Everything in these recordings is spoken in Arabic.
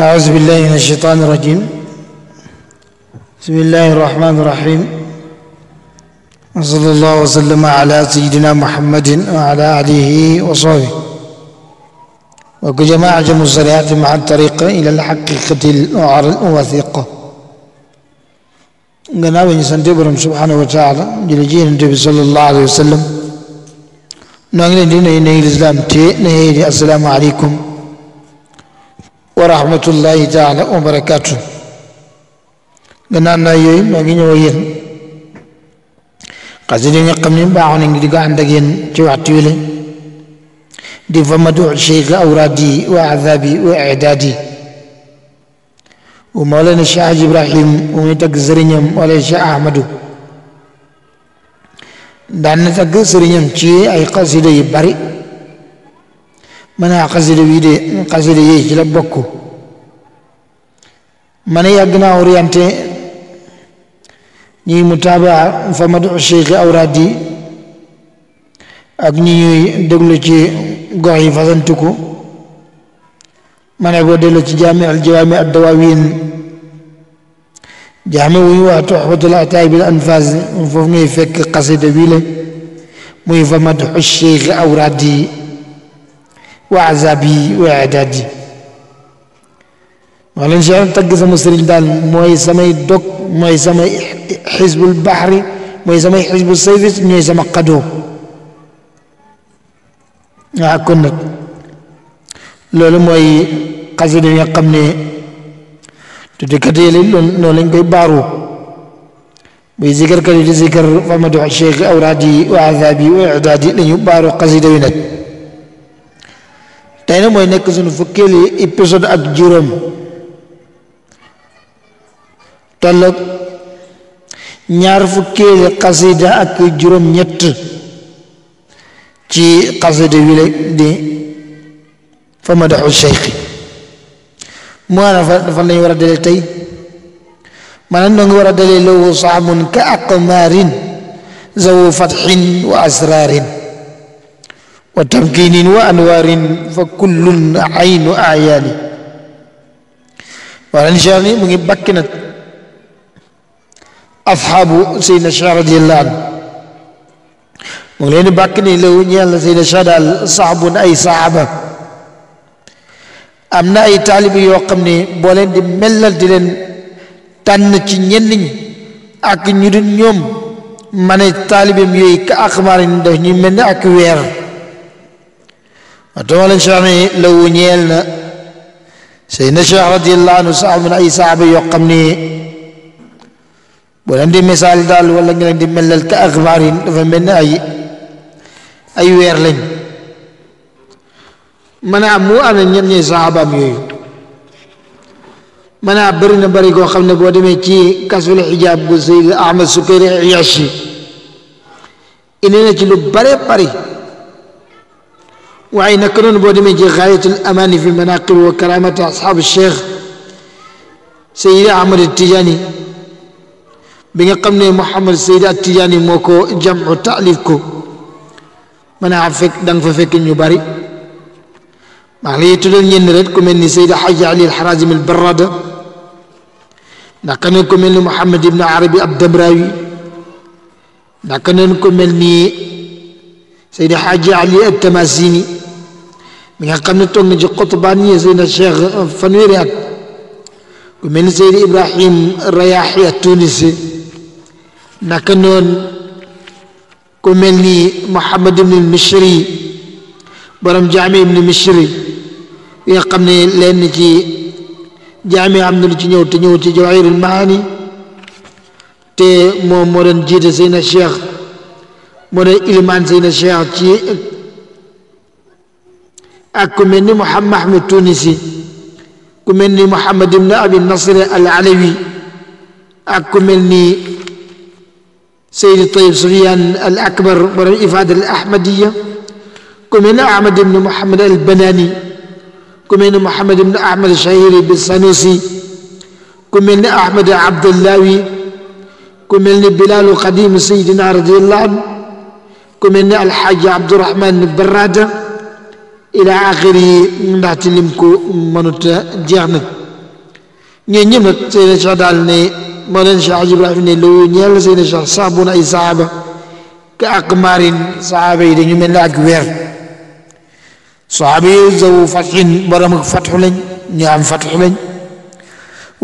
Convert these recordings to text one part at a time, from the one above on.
أعوذ بالله من الشيطان الرجيم بسم الله الرحمن الرحيم وصلى الله وسلم على سيدنا محمد وعلى آله وصحبه وكما أعجم الصلاة مع الطريق إلى الحقيقة الوثيقة قلنا ونسان سنتبرم سبحانه وتعالى جلجين النبي صلى الله عليه وسلم نغني دين الإسلام تي السلام عليكم ورحمة الله تعالى وبركاته لنا نايي ماغي نيو يين قازي ني خمني با اون ني ديغا اندك يين تي وقت يولي دي فما دو شيخ اورادي وعذابي واعدادي ومولانا الشيخ ابراهيم وميتك زرينم ولا الشيخ احمد دان نتاك زرينم تي اي قصيده يبارك من قزل ويد قزل يي لبكو من يغنا اورينتي ني متابا فمدع الشيخ اورادي اغني دغلو سي غوي فزنتكو من غو دلو سي جامع الجوامع الدواوين جامع ويوا تحفظ الاتايب الانفاز فمي فك قصيده ويله مي فمدع الشيخ اورادي وعذابي واعدادي معلن شيئا تقز مصر دال موي سمي دوك موي سمي حزب البحر موي سمي حزب السيف موي سمي قدو نعم، كنا لولو موي قصيدة يقمني تتكتي لولن كي بارو بذكر كلي ذكر فمدح الشيخ أورادي وعذابي وإعدادي لن يبارو قصيدة ينت tey nag mooy nekk suñu fukkeeli épisode ak juróom tolloog ñaar fukkeeli xasida ak juróom ñett ci xasida wile di fa madaxu cheikhi maanaam fa fan lañu war a dalee tey maanaam noo ngi war a dalee lowu saamun ka aqmaarin zawu fatxin wa asraarin wa tamkinin wa anwaarin fa kullun aynu ayaani wala incha allah mu ngi bakki nag asxaabu Seydina Cheikh radiyallahu anhu mu ngi leen di bakki ne law ñeel na Seydina Cheikh daal saxbun ay saxaaba am na ay taalib yoo xam ni boo leen di mellal di leen tànn ci ñenn ñi ak ñu dul ñoom ma ne taalibam yooyu ka axmaar daf ñu mel ne ak weer. أتوالن شعمي لو نيلنا سيدنا الشيخ رضي الله عنه صاحب من أي صاحب يقمني ولندي مثال دال ولا ندي ملل كأخبار فمن أي أي ويرلين من أمو أنا نيني صاحب أميوي من أبرنا بريكو خمنا بودمي كي كسول حجاب بسيد أعمل سكري عياشي إننا جلو بري بري وعين كرن بودمجي غاية الأمان في مناقب وكرامة أصحاب الشيخ سيد عمر التجاني بين قمني محمد سيد التجاني موكو جمع تأليفكو من عفك دن ففك نباري معلي تلون ينردكو من سيد حج علي الحرازم البرادة نكنكو من محمد بن عربي الدبراوي نكنكو من سيد حاج علي التمازيني mi nga xam ne toog na ci xutbaan yi Seydina Cheikh fanweeri at ku mel ni Seydi Ibrahim Rayaahi a Tunisi naka noonu ku mel ni Mouhamad ibn Mishri borom jaami ibn Mishri bi nga xam ne lenn ci jaami am na lu ci ñëw te ñëw ci Jawahirul Maani te moom moo doon jiite Seydina Cheikh moo doon ilimaan Seydina Cheikh ci أكمني محمد أحمد التونسي كمني محمد بن أبي النصر العلوي أكملني سيد الطيب سفيان الأكبر من الإفادة الأحمدية كمن أحمد بن محمد البناني كمن محمد بن أحمد الشهيري بالسنوسي كمن أحمد عبد اللهوي كمن بلال قديم سيدنا رضي الله عنه كمن الحاج عبد الرحمن البرادة الى اخره من بعد لمكو منوت جيرن ني ني نك سي نشا دالني مولان شي عجيب راه ني لو نيال سي نشا صابون اي صاب كاقمارين صحابي دي ني من لاك وير صحابي زو فتح برام فتح لن ني ام فتح لن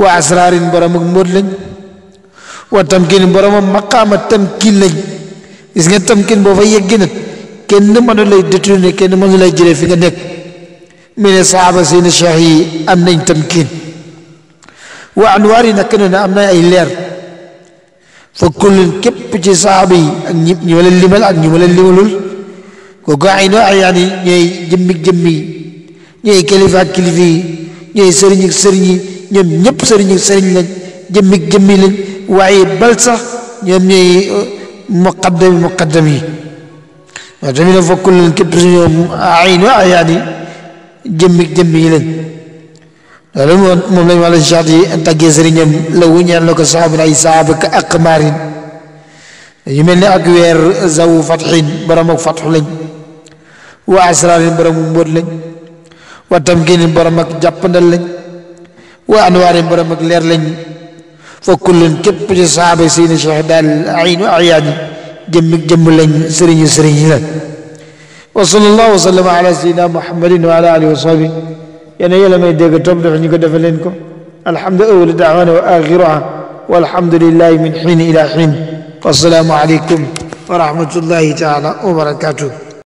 واسرار برام مود لن وتمكين برام مقام التمكين لن اسغا تمكين بو فاي يغنت kenn mënu lay détourné kenn mënu lay jëlee fi nga nekk mu ne saaba seeni cheikh yi am nañ tamkin wa anwaar yi nag ne am na ay leer fa kullun képp ci saaba yi ak ñi ñi ma leen limal ak ñi ma leen limalul kooku ay na ay yaani ñooy jëmmi jëmmi ñooy kilifa ak kilifa yi ñooy sëriñ ak sëriñ yi ñoom ñëpp sëriñ ak sëriñ lañ jëmmi jëmmi lañ waaye bal sax ñoom ñooy muqaddam muqaddam yi وجميل آه، فكل الكبر آه، عين آه، يعني جمك جميل لما مملي على الشادي انت جزرين لو ان لك صاحب اي صاحب اقمار يمن اكوير زو فتح برم فتح لين واسرار برم مود لين وتمكين برم جابندل لين وانوار برم لير لين فكل كبر صاحب سين شهد العين اعياني جم جم سرين سرين لا وصلى الله وسلم على سيدنا محمد وعلى اله وصحبه يعني يلا ما يديك توب نحن يقول دفلينكم الحمد اول دعوانا واخرها والحمد لله من حين الى حين والسلام عليكم ورحمه الله تعالى وبركاته